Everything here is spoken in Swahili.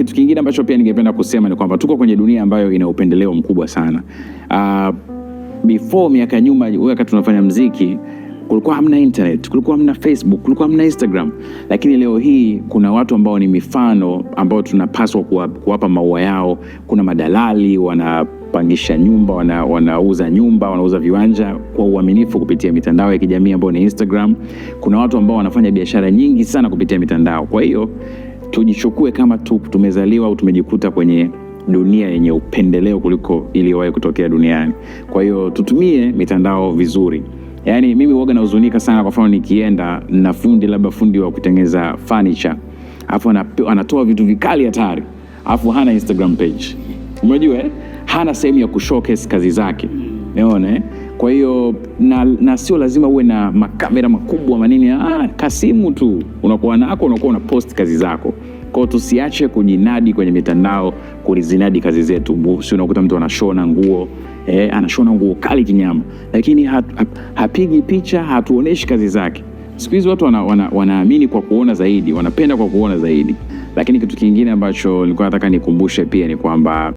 kitu kingine ambacho pia ningependa kusema ni kwamba tuko kwenye dunia ambayo ina upendeleo mkubwa sana. Uh, before miaka ya nyuma, wakati tunafanya mziki kulikuwa hamna internet, kulikuwa hamna Facebook, kulikuwa hamna Instagram, lakini leo hii kuna watu ambao ni mifano ambao tunapaswa kuwapa maua yao. Kuna madalali wanapangisha nyumba, wana, wanauza nyumba, wanauza viwanja kwa uaminifu kupitia mitandao ya kijamii ambayo ni Instagram. Kuna watu ambao wanafanya biashara nyingi sana kupitia mitandao, kwa hiyo tujichukue kama tu tumezaliwa au tumejikuta kwenye dunia yenye upendeleo kuliko iliyowahi kutokea duniani. Kwa hiyo tutumie mitandao vizuri. Yaani mimi huoga nahuzunika sana, kwa mfano nikienda na fundi, labda fundi wa kutengeneza furniture, alafu anatoa vitu vikali hatari, alafu hana Instagram page, unajua eh? hana sehemu ya kushowcase kazi zake, eh? Kwa hiyo na, na sio lazima uwe na makamera makubwa manini. Ah, kasimu tu unakuwa nako, unakuwa una post kazi zako kwao. Tusiache kujinadi kwenye mitandao, kulizinadi kazi zetu. Si unakuta mtu anashona nguo eh, anashona nguo kali kinyama, lakini hat, hapigi picha, hatuoneshi kazi zake. Siku hizi watu wana, wana, wanaamini kwa kuona zaidi, wanapenda kwa kuona zaidi. Lakini kitu kingine ambacho nilikuwa nataka nikumbushe pia ni kwamba